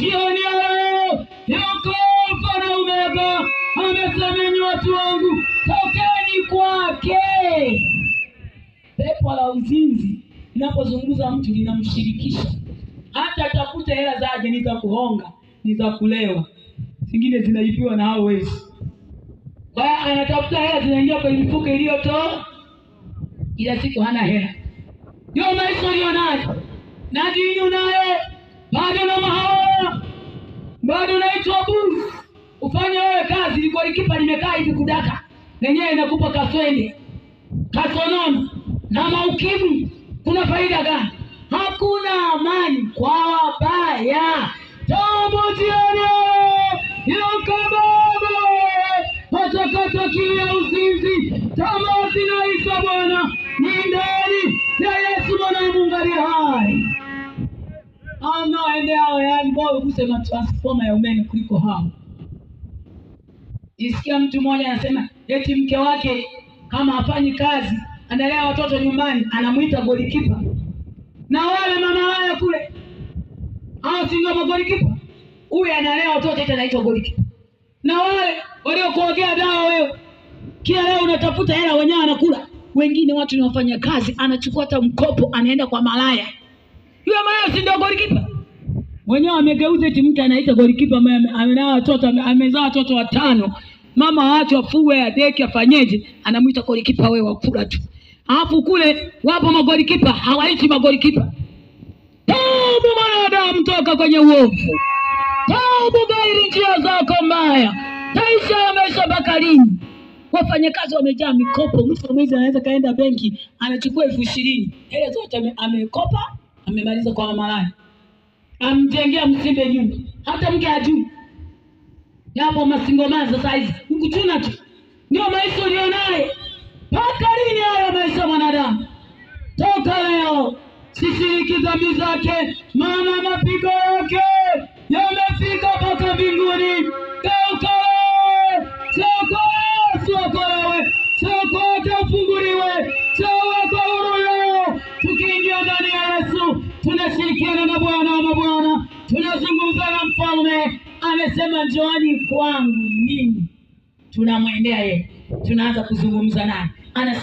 jioni ya leo yakoka na umega amesameni watu wangu, tokeni kwake. Pepo la uzinzi linapozunguza mtu linamshirikisha, hata atafute hela zaje, ni za kuhonga, ni za kulewa, zingine zinaibiwa na hao wezi. Anatafuta hela zinaingia kwenye mifuko iliyotoa, kila siku hana hela. Ndio maisha uliyonayo na dini unayo bado na bado naitwa bus ufanye wewe kazi, ilikuwa ikipa limekaa hivi kudaka lenyewe inakupa kaswende kasonono na maukimu. Kuna faida gani? Hakuna amani kwa wabaya. Tombutiane yakababa patakata ya uzinzi tamaa zinaisha Bwana ni ndani ya Yesu mwana wa Mungu aliye hai. Ama waende hao, yaani bora uguse na transformer ya umeme kuliko hao. Isikia mtu mmoja anasema eti mke wake kama hafanyi kazi analea watoto nyumbani, anamwita golikipa na wale mama wale kule hao, si ndio magolikipa? Huyu analea watoto eti anaitwa golikipa. Na wale waliokuogea dawa wewe, kila leo unatafuta hela, wenyewe anakula wengine watu ni wafanya kazi, anachukua hata mkopo, anaenda kwa malaya. Yule malaya si ndio golikipa? mwenyewe amegeuza eti mtu anaita golikipa amenao watoto amezaa watoto watano, mama waache wafue adeki afanyeje, anamuita golikipa, wewe wakula tu. Alafu kule wapo magolikipa hawaiti magolikipa. Taubu mwanadamu, toka kwenye uovu, taubu gairi njia zako mbaya, taisha yamesha maisha mpaka lini? Wafanyakazi wamejaa mikopo, mtu wa anaweza kaenda benki anachukua elfu ishirini hela zote amekopa, amemaliza kwa malaya amjengea msibe nyumba, hata mke ajui. Yapo masingomazo saa hizi ukuchuna tu, ndio maisha naye. Mpaka lini hayo maisha mwanadamu? Toka leo sishiriki dhambi zake, maana mapigo yake yamefika mpaka mbinguni. Bwana, Bwana, mabwana, tunazungumza na mfalme, amesema njoani kwangu mimi. Tunamwendea yeye, tunaanza kuzungumza naye.